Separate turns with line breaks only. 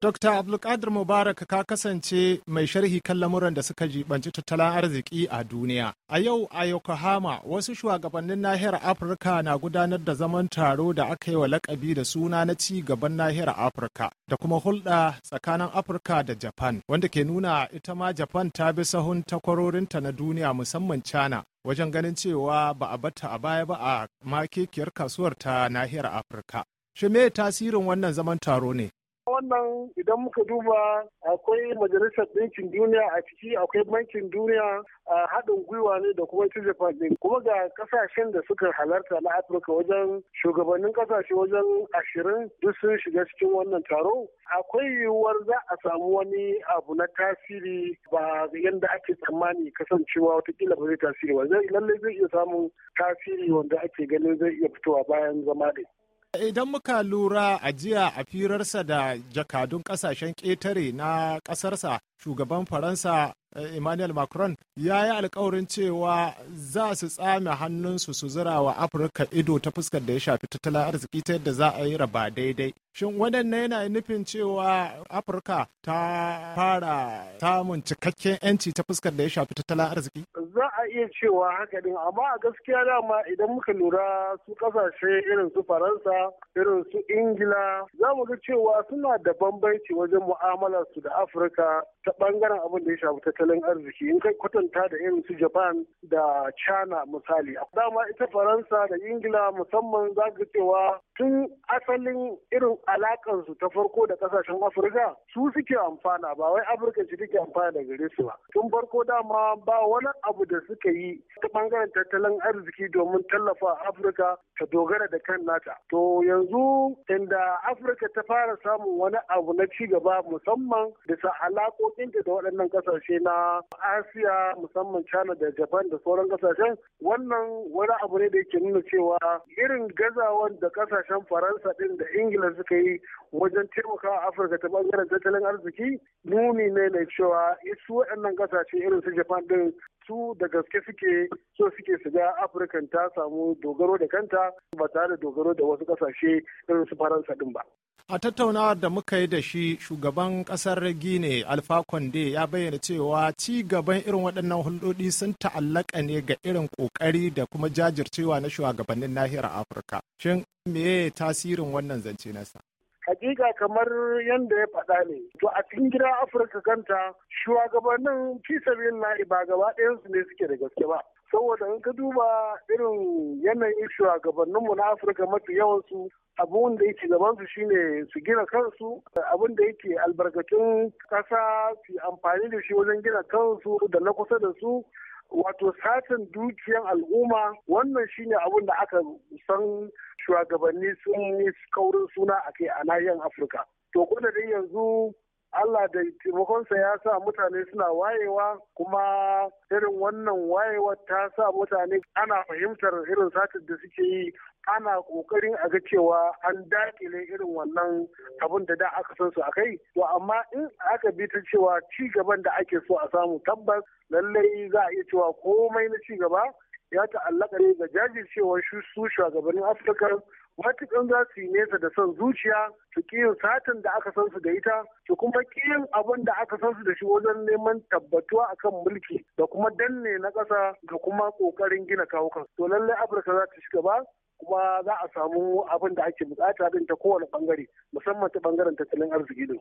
Dr. Abdulkadir Mubarak ka kasance mai sharhi kan lamuran da suka jibanci tattalin arziki a duniya. A yau a Yokohama wasu shugabannin nahiyar Afirka na gudanar da zaman taro da aka yi wa lakabi da suna na ci gaban nahiyar Afirka da kuma hulɗa tsakanin Afirka da Japan wanda ke nuna ita ma Japan ta bi sahun takwarorinta na duniya musamman China wajen ganin cewa ba a bata a baya ba a makekiyar kasuwar ta nahiyar Afirka. Shi me tasirin wannan zaman taro ne?
wannan idan muka duba akwai majalisar ɗinkin duniya a ciki akwai bankin duniya a haɗin gwiwa ne da kuma ita japan kuma ga ƙasashen da suka halarta na afirka wajen shugabannin ƙasashe wajen ashirin duk sun shiga cikin wannan taro akwai yiwuwar za a samu wani abu na tasiri ba yadda ake tsammani kasancewa watakila ba zai tasiri ba zai lallai zai iya samun tasiri wanda ake ganin zai iya fitowa bayan zama da
idan muka lura a jiya a firarsa da jakadun kasashen ƙetare na ƙasarsa shugaban faransa eh, emmanuel macron ya yi alkawarin cewa za su tsame hannunsu su zira wa afirka ido ta fuskar da ya shafi tattalin arziki ta yadda za a yi raba daidai shin waɗannan yana nufin cewa afirka ta fara samun cikakken yanci ta fuskar da ya shafi tattalin arziki
za a iya cewa haka din amma a gaskiya dama idan muka lura su kasashe irin su faransa irin su ingila za mu ga cewa suna da bambanci wajen mu'amalar su da afirka ta bangaren abin da ya shafi tattalin arziki in kai kwatanta da irin su japan da china misali dama ita faransa da ingila musamman za ka cewa tun asalin irin alakansu ta farko da kasashen afirka su suke amfana ba wai afirka su take amfana da gare su ba tun farko dama ba wani abu da suka yi ta bangaren tattalin arziki domin tallafa afirka ta dogara da kan nata to yanzu inda afirka ta fara samun wani abu na ci gaba musamman bisa alakokinta da waɗannan kasashe na asiya musamman china da japan da sauran kasashen wannan wani abu ne da yake nuna cewa irin gazawan da kasashe kasashen faransa din da ingila suka yi wajen taimaka afirka ta bangaren tattalin arziki nuni ne na cewa isu waɗannan kasashe irin su japan din su da gaske suke so suke su ga afirkan ta samu dogaro da kanta ba tare da dogaro da wasu kasashe irin su faransa din ba
a tattaunawar da muka yi da shi shugaban kasar gine alfa konde ya bayyana cewa ci gaban irin waɗannan hulɗoɗi sun ta'allaka ne ga irin ƙoƙari da kuma jajircewa na shugabannin nahiyar afirka shin meye tasirin wannan zance nasa
hakika kamar yadda ya faɗa ne to a cikin gida afirka kanta shugabannin fi sabilillahi ba gaba ɗayansu ne suke da gaske ba saboda in ka duba irin yanayin shugabanninmu na afirka mafi yawansu abun da yake su shine su gina kansu abun da yake albarkacin kasa su amfani da shi wajen gina kansu da na kusa da su wato satin dukiyan al'umma wannan shine abun da aka san shugabanni sun yi kaurin suna a kai a nahiyar afirka to kuma dai yanzu Allah da taimakonsa ya sa mutane suna wayewa kuma irin wannan wayewar ta sa mutane ana fahimtar irin satar da suke yi ana kokarin a ga cewa an dakile irin wannan abin da da aka san su akai to amma in aka bi ta cewa ci gaban da ake so a samu tabbas lallai za a iya cewa komai na ci gaba ya ta'allaka ne ga jajircewar su shugabannin afirka matukan za su yi nesa da son zuciya su kiyin satin da aka san su da ita su kuma kiyin abin da aka san su da shi wajen neman tabbatuwa a kan mulki da kuma danne na ƙasa da kuma ƙoƙarin gina kawukan to lallai afirka za ta shiga ba kuma za a samu abin da ake bukata din ta kowane bangare musamman ta ɓangaren tattalin arziki din